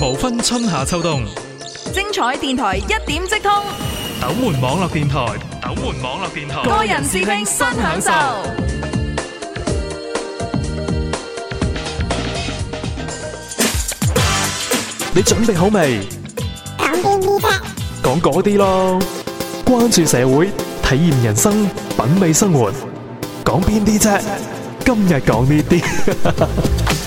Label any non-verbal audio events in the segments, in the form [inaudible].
無分春夏秋冬，精彩電台一點即通，斗門網絡電台，斗門網絡電台，個人視聽新享受。你準備好未？講邊啲啫？講嗰啲咯。關注社會，體驗人生，品味生活。講邊啲啫？今日講呢啲。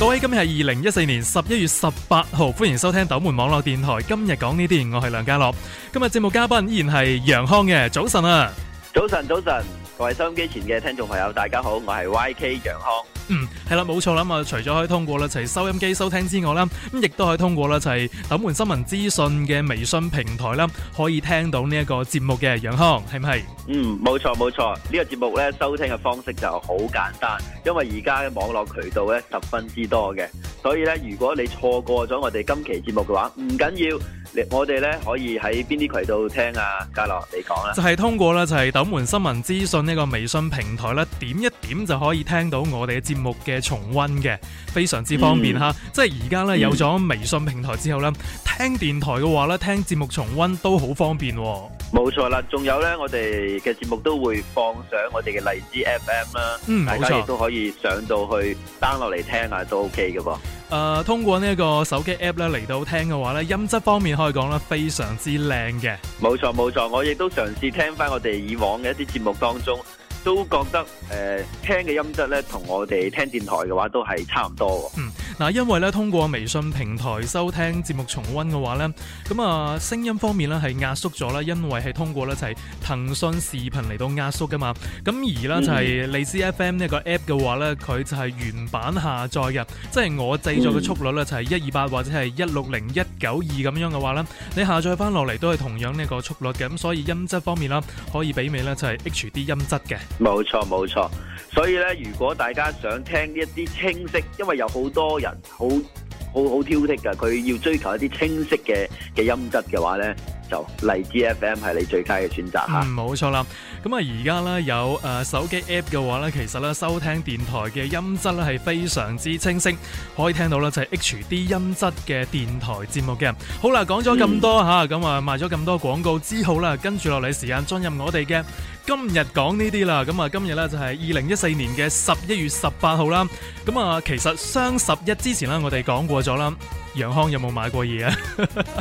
各位，今日係二零一四年十一月十八號，歡迎收聽斗門網絡電台。今日講呢啲，我係梁家樂。今日節目嘉賓依然係楊康嘅，早晨啊！早晨，早晨。各位收音機前嘅聽眾朋友，大家好，我係 YK 楊康。嗯，係啦，冇錯啦。咁啊，除咗可以通過啦，就係收音機收聽之外啦，咁亦都可以通過啦，就係斗門新聞資訊嘅微信平台啦，可以聽到呢一個節目嘅楊康，係唔係？嗯，冇錯冇錯，呢個節目咧收聽嘅方式就好簡單，因為而家嘅網絡渠道咧十分之多嘅，所以咧如果你錯過咗我哋今期節目嘅話，唔緊要，我哋咧可以喺邊啲渠道聽啊？家樂你講啦，就係通過啦，就係斗門新聞資訊。呢個微信平台咧，點一點就可以聽到我哋嘅節目嘅重溫嘅，非常之方便哈！嗯、即係而家咧有咗微信平台之後咧，嗯、聽電台嘅話咧，聽節目重溫都好方便。冇錯啦，仲有咧，我哋嘅節目都會放上我哋嘅荔枝 FM 啦，嗯，冇錯，大家亦都可以上到去 down 落嚟聽下，都 OK 嘅噃。誒、呃，通過呢個手機 app 咧，嚟到聽嘅話，音質方面可以講非常之靚嘅。冇錯冇錯，我亦都嘗試聽翻我哋以往嘅一啲節目當中，都覺得誒、呃、聽嘅音質呢同我哋聽電台嘅話都係差唔多。嗯。嗱，因為咧通過微信平台收聽節目重溫嘅話咧，咁啊聲音方面咧係壓縮咗啦，因為係通過咧就係騰訊視頻嚟到壓縮噶嘛。咁而啦就係荔枝 FM 呢個 app 嘅話咧，佢就係原版下載嘅，即係我製作嘅速率咧就係一二八或者係一六零一九二咁樣嘅話咧，你下載翻落嚟都係同樣呢個速率嘅，咁所以音質方面啦可以媲美咧就係 HD 音質嘅。冇錯冇錯，所以咧如果大家想聽呢一啲清晰，因為有好多人，好好挑剔噶，佢要追求一啲清晰嘅嘅音質嘅話呢，就荔枝 F M 係你最佳嘅選擇吓，冇、啊、錯、嗯、啦。咁啊，而家呢，有誒、呃、手機 A P P 嘅話呢，其實呢收聽電台嘅音質呢係非常之清晰，可以聽到呢就係 H D 音質嘅電台節目嘅。好啦，講咗咁多吓，咁、嗯、啊賣咗咁多廣告之後呢，之好啦，跟住落嚟時間進入我哋嘅。今，這些今日講呢啲啦，咁啊今日呢，就係二零一四年嘅十一月十八號啦。咁啊，其實雙十一之前們有有 [laughs] 呢，我哋講過咗啦。楊康有冇買過嘢啊？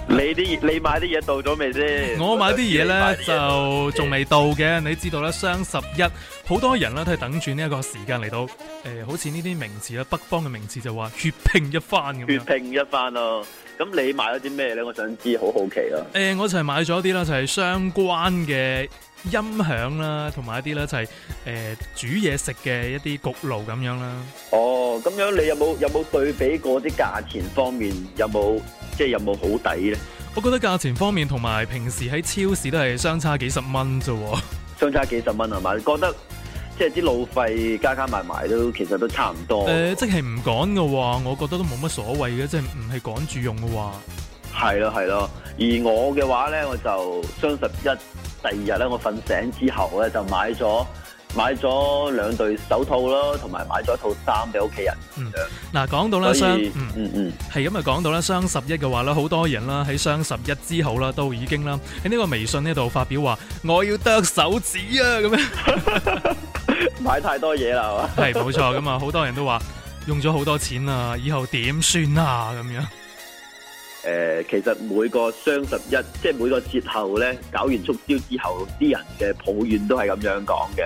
你啲你買啲嘢到咗未先？我買啲嘢呢，就仲未到嘅。你知道啦，雙十一好多人呢，都係等住呢一個時間嚟到。誒、呃，好似呢啲名詞啦，北方嘅名詞就話血拼一番咁樣血拼一番咯、啊。咁你買咗啲咩呢？我想知，好好奇咯、啊。誒、呃，我就買了一齊買咗啲啦，就係、是、相關嘅。音響啦，同埋一啲咧就係誒煮嘢食嘅一啲焗爐咁樣啦。哦，咁樣你有冇有冇對比過啲價錢方面有冇即係有冇，就是、好抵咧？我覺得價錢方面同埋平時喺超市都係相差幾十蚊啫，相差幾十蚊係咪？你覺得即係啲路費加加埋埋都其實都差唔多，呃？誒，即係唔趕嘅話，我覺得都冇乜所謂嘅，即係唔係趕住用嘅話是的。係咯係咯，而我嘅話咧，我就雙十一。第二日咧，我瞓醒之後咧，就買咗買咗兩對手套啦，同埋買咗一套衫俾屋企人咁樣。嗱，講到咧雙，嗯嗯嗯，係咁啊，講到咧雙十一嘅話咧，好多人啦喺雙十一之後啦都已經啦喺呢個微信呢度發表話，我要剁手指啊咁樣， [laughs] 買太多嘢啦係係冇錯咁啊，好多人都話用咗好多錢啊，以後點算啊咁樣。誒、呃，其實每個雙十一，即係每個節後咧，搞完促銷之後，啲人嘅抱怨都係咁樣講嘅。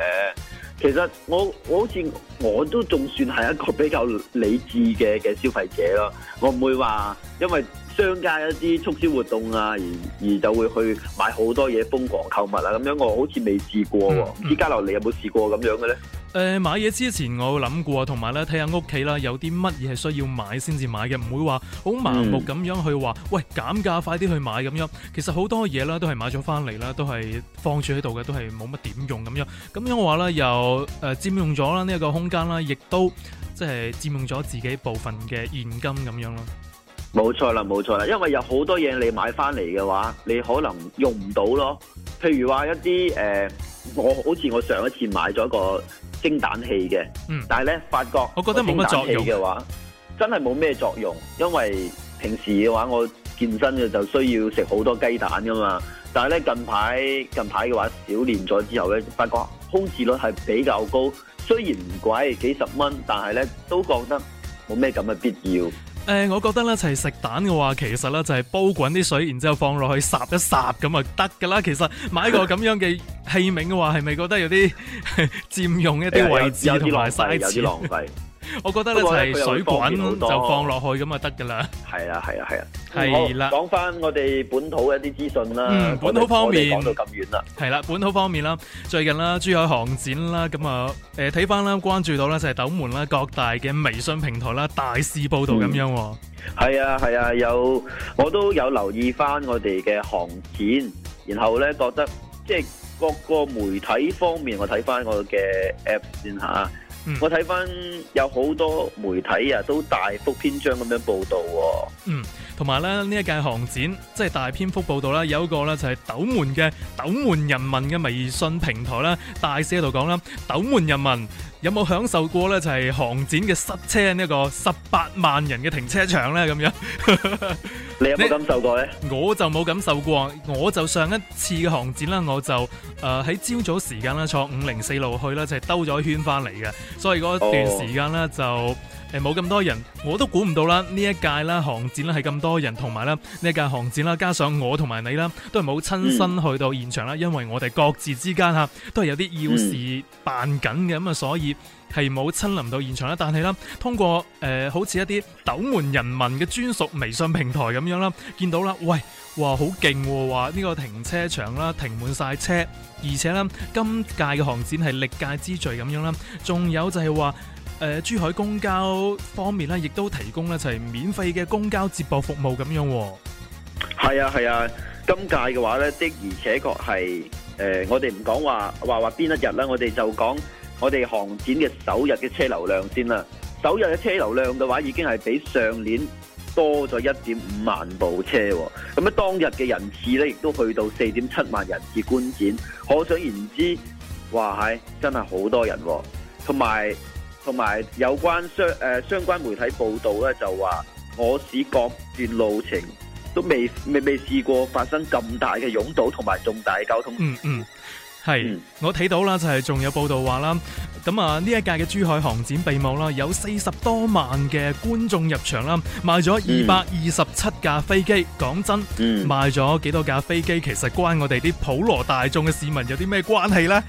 其實我我好似我都仲算係一個比較理智嘅嘅消費者咯，我唔會話因為商家一啲促銷活動啊，而而就會去買好多嘢瘋狂購物啊，咁樣我好似未試過。唔、嗯嗯、知加落你有冇試過咁樣嘅咧？誒、呃，買嘢之前我諗過，同埋咧睇下屋企啦，看看有啲乜嘢係需要買先至買嘅，唔會話好盲目咁樣去話，嗯、喂，減價快啲去買咁樣。其實好多嘢啦，都係買咗翻嚟啦，都係放住喺度嘅，都係冇乜點用咁樣。咁樣嘅話咧，又誒佔、呃、用咗啦呢一個空間啦，亦都即係佔用咗自己部分嘅現金咁樣咯。冇錯啦，冇錯啦，因為有好多嘢你買翻嚟嘅話，你可能用唔到咯。譬如話一啲誒。呃我好似我上一次買咗一個蒸蛋器嘅，嗯、但係咧發覺我覺得冇乜作用嘅話，真係冇咩作用。因為平時嘅話我健身嘅就需要食好多雞蛋噶嘛，但係咧近排近排嘅話少練咗之後咧，發覺空置率係比較高，雖然唔貴幾十蚊，但係咧都覺得冇咩咁嘅必要。誒、呃，我覺得咧，齊、就、食、是、蛋嘅話，其實咧就係、是、煲滾啲水，然之後放落去烚一烚咁啊得噶啦。其實買個咁樣嘅器皿嘅話，係咪 [laughs] 覺得有啲佔 [laughs] 用一啲位置同埋嘥有啲浪費。 [laughs] 我覺得咧就係水滾就放落去咁啊得噶啦，係啊係啊係啊，係啦、啊。講翻、啊嗯、我哋本土嘅一啲資訊啦，本土方面講到咁遠啦，係啦，本土方面啦，最近啦珠海航展啦，咁啊誒睇翻啦，關注到啦，就係斗門啦，各大嘅微信平台啦大肆報道咁、嗯、樣。係啊係啊，有我都有留意翻我哋嘅航展，然後咧覺得即係、就是、各個媒體方面，我睇翻我嘅 app 先吓。啊嗯、我睇翻有好多媒體啊，都大幅篇章咁樣報道、啊。嗯，同埋咧呢一屆航展，即係大篇幅報道啦，有一個咧就係、是、斗門嘅斗門人民嘅微信平台啦，大寫喺度講啦，斗門人民。有冇享受過呢？就係航展嘅塞車，呢個十八萬人嘅停車場呢。咁樣，你有冇感受過呢？我就冇感受過，我就上一次嘅航展啦，我就誒喺朝早時間啦，坐五零四路去啦，就係兜咗一圈翻嚟嘅，所以嗰段時間呢，就。Oh. 冇咁多人，我都估唔到啦！呢一屆啦，航展啦係咁多人，同埋啦呢一屆航展啦，加上我同埋你啦，都係冇親身去到現場啦，因為我哋各自之間吓都係有啲要事辦緊嘅，咁啊所以係冇親臨到現場啦。但係啦，通過、呃、好似一啲斗門人民嘅專屬微信平台咁樣啦，見到啦，喂，嘩好勁喎，話呢、呢個停車場啦停滿晒車，而且呢今屆嘅航展係歷屆之最咁樣啦，仲有就係話。誒、呃，珠海公交方面咧，亦都提供咧就係、是、免費嘅公交接駁服務咁樣、啊。係啊係啊，今屆嘅話咧的而且確係誒，我哋唔講話話話邊一日啦，我哋就講我哋航展嘅首日嘅車流量先啦。首日嘅車流量嘅話，已經係比上年多咗一點五萬部車。咁啊，當日嘅人次咧，亦都去到四點七萬人次觀展。可想而知，哇係真係好多人、啊，同埋。同埋有，有關相誒、呃、相關媒體報道咧，就話我市各段路程都未未未試過發生咁大嘅擁堵同埋重大嘅交通。嗯嗯，係、嗯，嗯、我睇到啦，就係、是、仲有報道話啦。咁啊，呢一屆嘅珠海航展閉幕啦，有四十多萬嘅觀眾入場啦，賣咗二百二十七架飛機。講真、嗯，賣咗幾多架飛機，其實關我哋啲普羅大眾嘅市民有啲咩關係咧？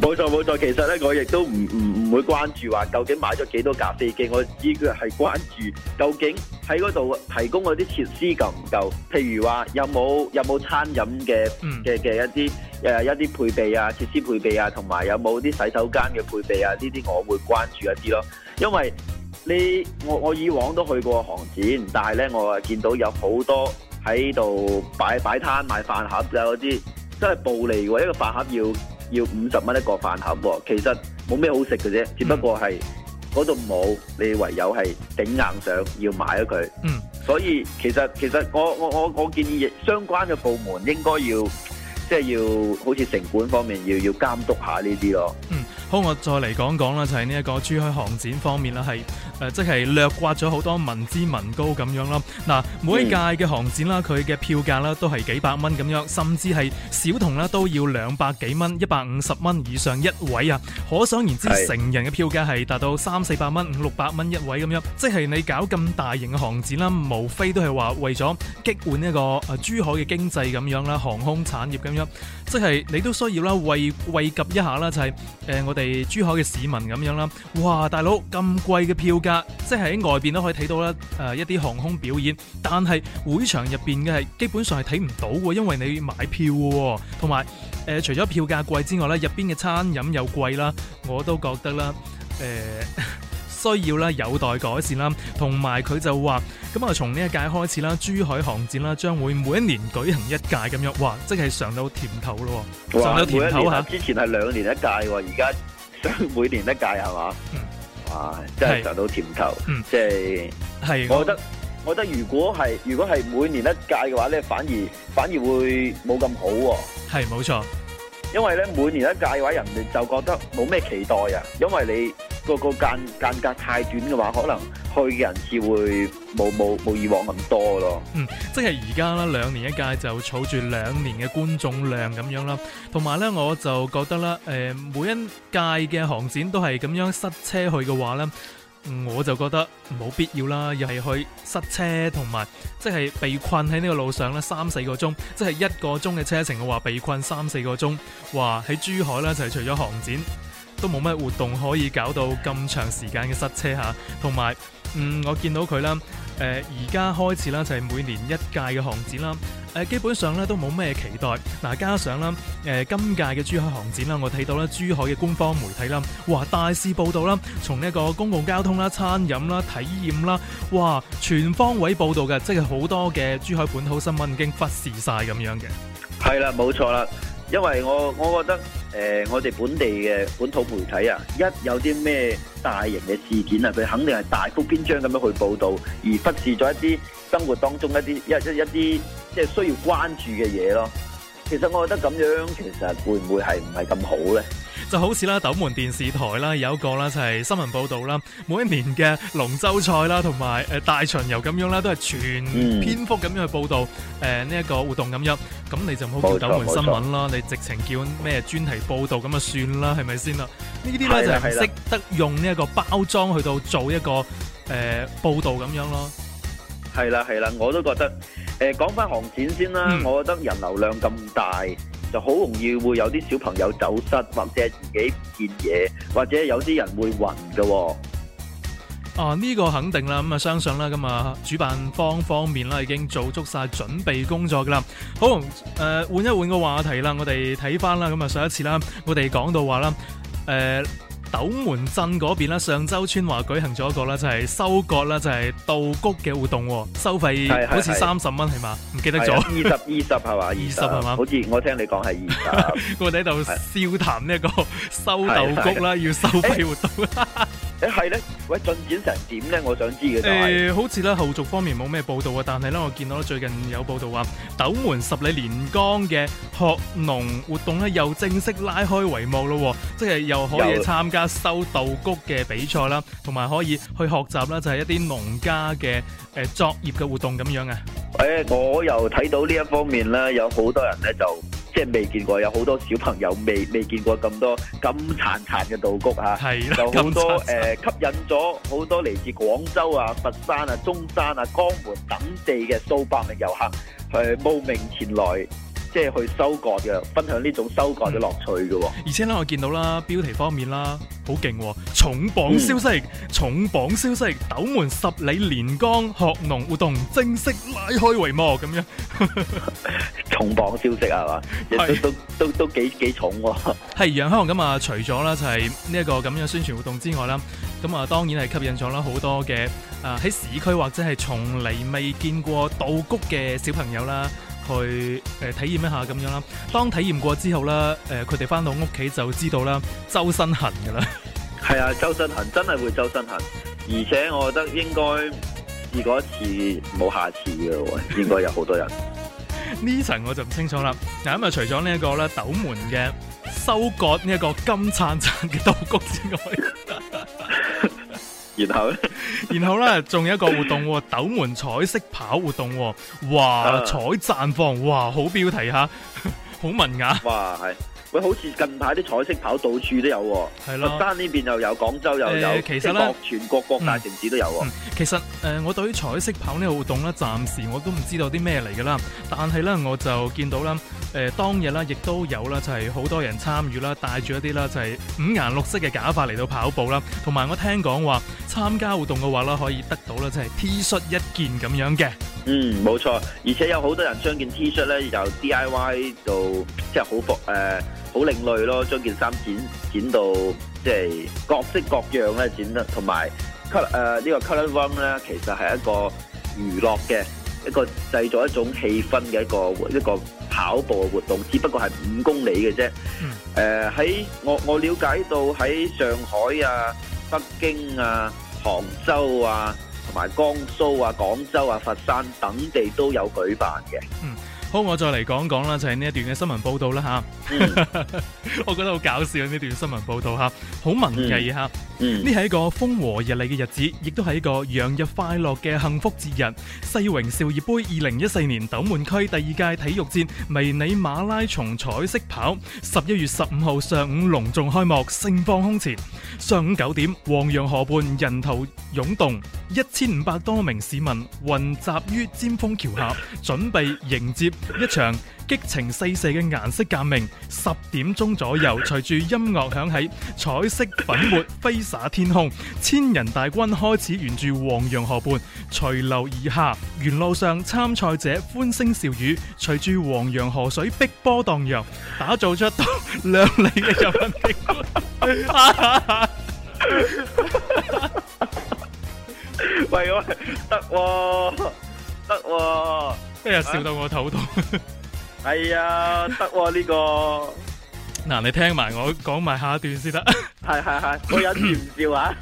冇錯冇錯，其實咧我亦都唔唔唔會關注話究竟買咗幾多架飛機，我只係係關注究竟喺嗰度提供嗰啲設施夠唔夠？譬如話有冇有冇餐飲嘅嘅嘅一啲誒、呃、一啲配備啊，設施配備啊，同埋有冇啲洗。洗手間嘅配備啊，呢啲我會關注一啲咯。因為你我我以往都去過航展，但係呢，我啊見到有好多喺度擺擺攤賣飯盒，有啲真係暴利嘅。一個飯盒要要五十蚊一個飯盒，其實冇咩好食嘅啫，只不過係嗰度冇，你唯有係頂硬上要買咗佢。嗯，所以其實其實我我我我建議相關嘅部門應該要即係、就是、要好似城管方面要要監督一下呢啲咯。好，我再嚟講講啦，就係呢一個珠海航展方面啦，係。呃、即係略刮咗好多民脂民膏咁樣囉。嗱、啊，每一屆嘅航展啦，佢嘅票價啦都係幾百蚊咁樣，甚至係小童啦都要兩百幾蚊、一百五十蚊以上一位啊！可想而知，是成人嘅票價係達到三四百蚊、五六百蚊一位咁樣，即係你搞咁大型嘅航展啦，無非都係話為咗激勵呢一個珠海嘅經濟咁樣啦，航空產業咁樣，即係你都需要啦，惠惠及一下啦，就係、是呃、我哋珠海嘅市民咁樣啦！哇，大佬咁貴嘅票價！即係喺外邊都可以睇到啦，誒，一啲航空表演，但係會場入邊嘅係基本上係睇唔到嘅，因為你買票嘅，同埋誒除咗票價貴之外咧，入邊嘅餐飲又貴啦，我都覺得啦，誒、呃、需要啦，有待改善啦，同埋佢就話咁啊，從呢一屆開始啦，珠海航展啦將會每一年舉行一屆咁樣，哇，即係嘗到甜頭咯，嘗到甜頭哇每一年、啊、之前係兩年一屆，而家係每年一屆係嘛？ [laughs] 哇！真係受到甜頭，即係，我覺得那我覺得如果係如果係每年一屆嘅話咧，反而反而會冇咁好喎、啊。係冇錯，錯因為咧每年一屆嘅話，人哋就覺得冇咩期待啊，因為你。個個間間隔太短嘅話，可能去嘅人次會冇冇冇以往咁多咯。嗯，即係而家啦，兩年一屆就儲住兩年嘅觀眾量咁樣啦。同埋呢，我就覺得啦，誒、呃，每一屆嘅航展都係咁樣塞車去嘅話呢，我就覺得冇必要啦。又係去塞車，同埋即係被困喺呢個路上呢，三四個鐘，即係一個鐘嘅車程嘅話，被困三四個鐘，話喺珠海呢，就係、是、除咗航展。都冇咩活動可以搞到咁長時間嘅塞車嚇，同埋，嗯，我見到佢啦，誒，而家開始啦就係每年一屆嘅航展啦，誒、呃、基本上咧都冇咩期待，嗱，加上啦誒、呃、今屆嘅珠海航展啦，我睇到啦，珠海嘅官方媒體啦，話大肆報導啦，從呢一個公共交通啦、餐飲啦、體驗啦，哇，全方位報導嘅，即係好多嘅珠海本土新聞已經忽視晒咁樣嘅，係啦冇錯啦。因為我我覺得，誒、呃、我哋本地嘅本土媒體啊，一有啲咩大型嘅事件啊，佢肯定係大幅篇章咁樣去報導，而忽視咗一啲生活當中一啲一一啲即係需要關注嘅嘢咯。其實我覺得咁樣其實會唔會係唔係咁好咧？就好似啦，斗門電視台啦，有一個啦就係、是、新聞報道啦，每一年嘅龍舟賽啦，同埋誒大巡遊咁樣啦，都係全篇幅咁樣去報道誒呢一個活動咁樣。咁你就唔好叫斗門新聞啦，你直情叫咩專題報道咁啊算啦，係咪先啦？呢啲咧的就係識得用呢一個包裝去到做一個誒、呃、報道咁樣咯。係啦係啦，我都覺得誒講翻航展先啦，嗯、我覺得人流量咁大。就好容易會有啲小朋友走失，或者自己唔見嘢，或者有啲人會暈嘅，哦。啊，呢、呢個肯定啦，咁啊相信啦，咁啊主辦方方面啦已經做足晒準備工作噶啦。好，誒、呃、換一換個話題啦，我哋睇翻啦，咁啊上一次啦，我哋講到話啦，呃斗門鎮嗰邊啦，上周村話舉行咗一個咧，就係、是、收割啦，就係、是、稻穀嘅活動，收費好似三十蚊係嘛，唔是記得咗，二十二十係嘛，二十係嘛，好似我聽你講係二十，我哋喺度笑談呢一個收稻穀啦，是是是要收費活動。誒係咧，喂進展成點咧？我想知嘅啫。誒，好似咧後續方面冇咩報道啊，但係咧我見到咧最近有報道話，斗門十里蓮江嘅學農活動咧又正式拉開帷幕咯，即係又可以參加收稻谷嘅比賽啦，同埋可以去學習啦，就係一啲農家嘅誒作業嘅活動咁樣啊。誒，我又睇到呢一方面咧，有好多人咧就。即係未見過，有好多小朋友未未見過咁多咁燦燦嘅稻穀吓。係啦，就好多誒、呃、吸引咗好多嚟自廣州啊、佛山啊、中山啊、江門等地嘅數百名遊客去慕名前來。即係去收割嘅，分享呢種收割嘅樂趣嘅、哦。而且咧，我見到啦，標題方面啦，好勁、哦，重磅消息，嗯、重磅消息，斗門十里蓮江學農活動正式拉開帷幕，咁樣， [laughs] 重磅消息係嘛？係是都都都，都幾幾重、哦？係楊康咁啊！除咗啦，就係呢一個咁樣宣傳活動之外啦，咁啊，當然係吸引咗啦好多嘅啊喺市區或者係從嚟未見過稻穀嘅小朋友啦。去誒、呃、體驗一下咁樣啦，當體驗過之後咧，誒佢哋翻到屋企就知道啦，周身痕噶啦。係啊，周身痕真係會周身痕，而且我覺得應該試過一次冇下次噶喎，應該有好多人呢層 [laughs] 我就唔清楚啦。嗱咁啊，除咗呢一個咧斗門嘅收割呢一個金燦燦嘅稻谷之外。 [laughs] 然後咧， [laughs] 然後咧，仲有一個活動，哦，斗門彩色跑活動，哦，哇，啊、華彩綻放，哇，好標題吓，好文雅。哇，係。喂，好似近排啲彩色跑到處都有喎、啊，佛山呢邊又有，廣州又有，呃、其實呢，全國各大城市都有喎、啊，嗯嗯。其實誒、呃，我對於彩色跑呢個活動咧，暫時我都唔知道啲咩嚟㗎啦。但係咧，我就見到啦，誒、呃、當日啦，亦都有啦，就係、是、好多人參與啦，帶住一啲啦，就係、是、五顏六色嘅假髮嚟到跑步啦。同埋我聽講話參加活動嘅話啦，可以得到啦就係、是、T 恤一件咁樣嘅。嗯，冇錯，而且有好多人將件 T 恤咧，由 DIY 到即係好服誒。呃.好另類咯，將件衫剪剪到即係各式各樣咧，剪得，同埋 color 誒，呢個 color run 咧，其實係一個娛樂嘅一個製造一種氣氛嘅一個一個跑步嘅活動，只不過係五公里嘅啫。誒喺我我，瞭解到喺上海啊、北京啊、杭州啊、同埋江蘇啊、廣州啊、佛山等地都有舉辦嘅。好，我再嚟講講啦，就係、是、呢一段嘅新聞報道啦吓，哈哈 [laughs] 我覺得好搞笑呢段新聞報道吓，好文藝吓。呢係 [laughs] 一個風和日麗嘅日子，亦都係一個洋溢快樂嘅幸福節日——世榮兆業杯二零一四年斗門區第二屆體育節迷你馬拉松彩色跑，十一月十五號上午隆重開幕，盛放空前。上午九點，黃楊河畔人頭湧動，一千五百多名市民雲集於尖峰橋下，準備迎接。一場激情四射嘅顏色革命，十點鐘左右，隨住音樂響起，彩色粉末飛灑天空，千人大軍開始沿住黃洋河畔隨流而下，沿路上參賽者歡聲笑語，隨住黃洋河水碧波蕩漾，打造出亮麗嘅日本帝國。 [laughs] [laughs] [laughs] 喂喂，得喎，啊，得喎、啊。今日、哎、笑到我頭痛，啊、哎呀，得呢、啊，這個嗱、啊，你聽埋我講埋下一段先得，係係係，我忍住唔笑啊！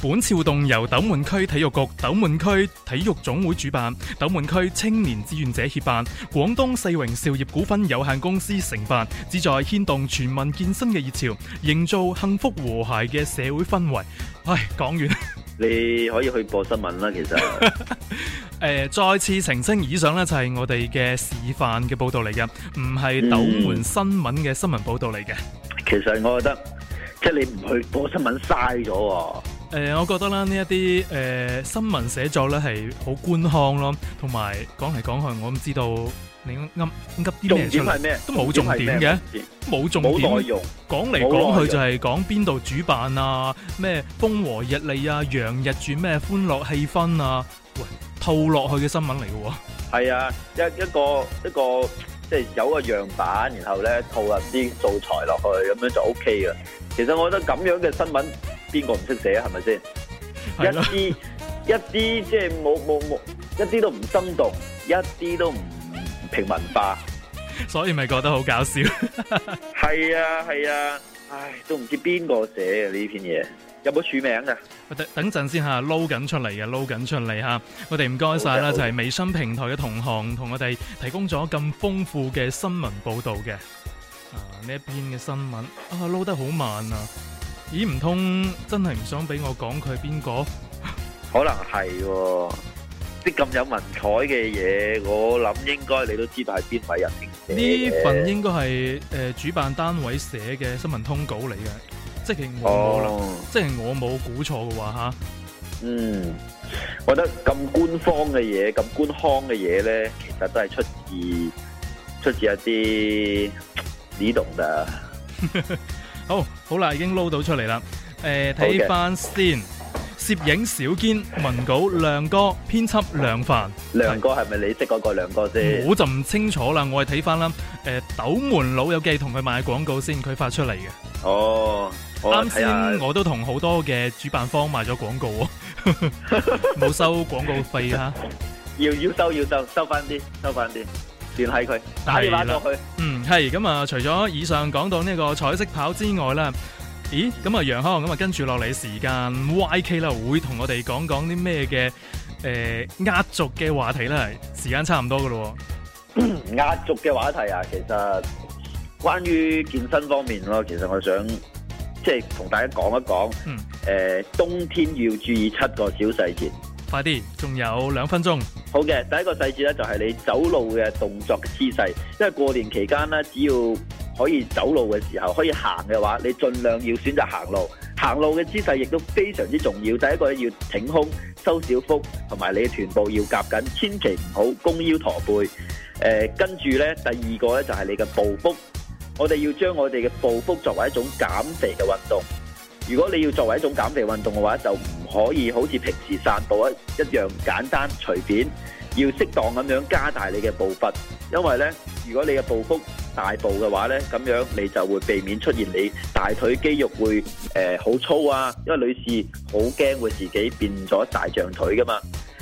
本次活動由斗門區體育局、斗門區體育總會主辦，斗門區青年志願者協辦，廣東世榮兆業股份有限公司承辦，旨在牽動全民健身嘅熱潮，營造幸福和諧嘅社會氛圍。唉，講完。你可以去播新聞啦，其實誒、 [laughs] 呃、再次澄清以上咧，就係、是、我哋嘅示範嘅報導嚟嘅，唔係抖門新聞嘅新聞報導嚟嘅、嗯。其實我覺得，即、就、係、是、你唔去播新聞嘥咗、啊。誒、呃，我覺得啦，呢一啲誒新聞寫作咧係好官腔咯，同埋講嚟講去，我唔知道。你啱噏啲咩出嚟？重點係咩？都冇重點嘅，冇重點。冇內容。講嚟講去就係講邊度主辦啊，咩風和日麗啊，洋溢住咩歡樂氣氛啊，喂，套落去嘅新聞嚟嘅。係啊，一一個一個即係有一個樣板，然後咧套入啲素材落去，咁樣就 OK 嘅。其實我覺得咁樣嘅新聞，邊個唔識寫係咪先？一啲一啲即係冇冇冇，一啲都唔生動，一啲都唔。平民化，所以咪覺得好搞笑。係啊係啊，唉，都唔知邊個寫嘅呢篇嘢，有冇署名噶？等等陣先吓，撈緊出嚟嘅，撈緊出嚟吓。我哋唔該晒啦，就係微信平台嘅同行，同我哋提供咗咁豐富嘅新聞報道嘅。啊，呢一篇嘅新聞啊，撈得好慢啊，咦？唔通真係唔想俾我講佢係邊個？可能係喎。啲咁有文采嘅嘢，我諗應該你都知道係邊位人。呢份應該係誒主辦單位寫嘅新聞通稿嚟嘅，即係我啦，哦、即係我冇估錯嘅話吓。嗯，我覺得咁官方嘅嘢，咁官方嘅嘢咧，其實都係出自出自一啲呢度噶。 [laughs] 好，好啦，已經撈到出嚟啦。誒、呃，睇翻的先。攝影小堅，文稿亮哥，編輯梁凡。亮哥係咪是你識嗰個亮哥啫、呃哦？我就唔清楚啦，我係睇翻啦。誒，斗門老友記，同佢賣廣告先，佢發出嚟嘅。哦，啱先我都同好多嘅主辦方賣咗廣告啊，冇收廣告費啊。要要收要收，收翻啲，收翻啲。聯繫佢，的打電話過去。嗯，係咁啊！除咗以上講到呢個彩色跑之外啦。咦，咁啊楊康咁啊跟住落嚟時間 YK 啦，會同我哋講講啲咩嘅，誒壓軸嘅話題咧？時間差唔多噶咯，壓軸嘅話題啊，其實關於健身方面咯，其實我想即係同大家講一講，嗯、呃，誒冬天要注意七個小細節，快啲，仲有兩分鐘，好嘅，第一個細節咧就係你走路嘅動作嘅姿勢，因為過年期間咧，只要。可以走路嘅時候，可以行嘅話，你盡量要選擇行路。行路嘅姿勢亦都非常之重要。第一個要挺胸、收小腹，同埋你嘅臀部要夾緊，千祈唔好弓腰駝背。呃，跟住呢，第二個呢，就係你嘅步幅。我哋要將我哋嘅步幅作為一種減肥嘅運動。如果你要作為一種減肥運動嘅話，就唔可以好似平時散步一一樣簡單隨便，要適當咁樣加大你嘅步伐。因為呢，如果你嘅步幅大步嘅話呢，咁樣你就會避免出現你大腿肌肉會誒好、呃、粗啊，因為女士好驚會自己變咗大象腿㗎嘛。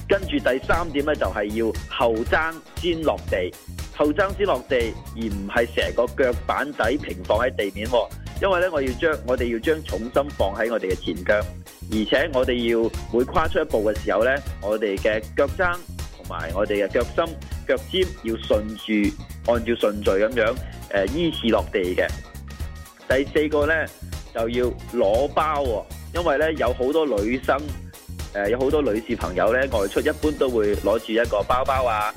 跟住第三點呢，就係、是、要後踭先落地，後踭先落地，而唔係成個腳板底平放喺地面、啊。因為呢，我要將我哋要將重心放喺我哋嘅前腳，而且我哋要每跨出一步嘅時候呢，我哋嘅腳踭同埋我哋嘅腳心。腳尖要順住，按照順序咁樣、呃，依次落地嘅。第四個呢，就要攞包、哦，因為呢，有好多女生，呃、有好多女士朋友呢，外出一般都會攞住一個包包啊，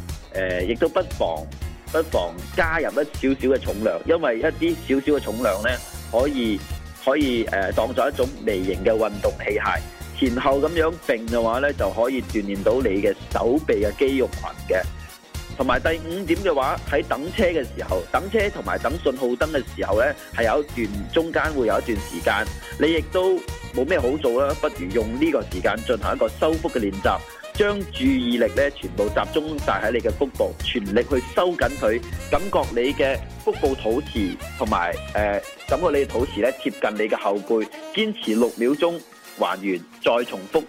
亦、呃、都不妨不妨加入一少少嘅重量，因為一啲少少嘅重量呢，可以可以誒、呃、當作一種微型嘅運動器械，前後咁樣並嘅話呢，就可以鍛煉到你嘅手臂嘅肌肉群嘅。同埋第五點嘅話，喺等車嘅時候，等車同埋等信號燈嘅時候呢，係有一段中間會有一段時間，你亦都冇咩好做啦，不如用呢個時間進行一個收腹嘅練習，將注意力呢全部集中曬喺你嘅腹部，全力去收緊佢，感覺你嘅腹部肚臍同埋誒，感覺你嘅肚臍呢貼近你嘅後背，堅持六秒鐘，還原，再重複，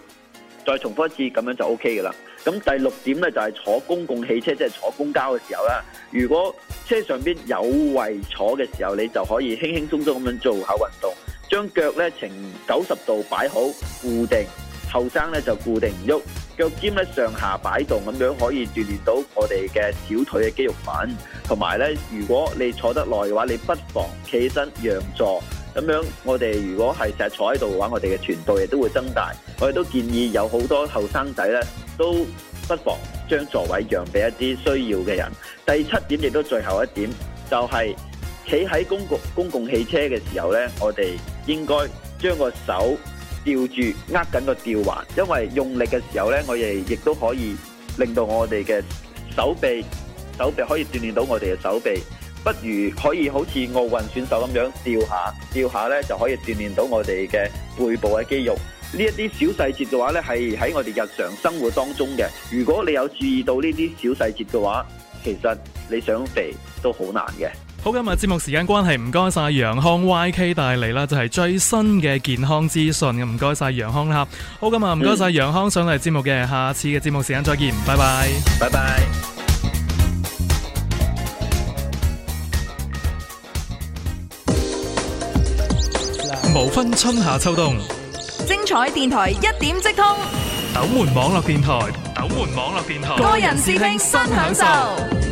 再重複一次，咁樣就 OK 噶啦。咁第六點咧就係坐公共汽車，即係坐公交嘅時候啦。如果車上邊有位坐嘅時候，你就可以輕輕鬆鬆咁樣做下運動，將腳咧呈九十度擺好固定。後生咧就固定唔喐，腳尖咧上下擺動咁樣，可以鍛煉到我哋嘅小腿嘅肌肉羣。同埋咧，如果你坐得耐嘅話，你不妨企起身讓座。咁樣我哋如果係成日坐喺度嘅話，我哋嘅臀部亦都會增大。我哋都建議有好多後生仔咧。都不妨將座位讓俾一啲需要嘅人。第七點亦都最後一點，就係企喺公共公共汽車嘅時候呢，我哋應該將個手吊住握緊個吊環，因為用力嘅時候呢，我哋亦都可以令到我哋嘅手臂、手臂可以鍛煉到我哋嘅手臂。不如可以好似奧運選手咁樣吊下吊下呢，就可以鍛煉到我哋嘅背部嘅肌肉。呢一啲小細節嘅話呢，係喺我哋日常生活當中嘅。如果你有注意到呢啲小細節嘅話，其實你想肥都好難嘅。好，今日節目時間關係，唔該晒楊康 YK 帶嚟啦，就係最新嘅健康資訊。唔該晒楊康啦。好，今日唔該晒楊康上嚟節目嘅，嗯、下次嘅節目時間再見，拜拜，拜拜 bye。無分春夏秋冬。精彩電台一點即通，斗門網絡電台，斗門網絡電台，個人視聽新享受。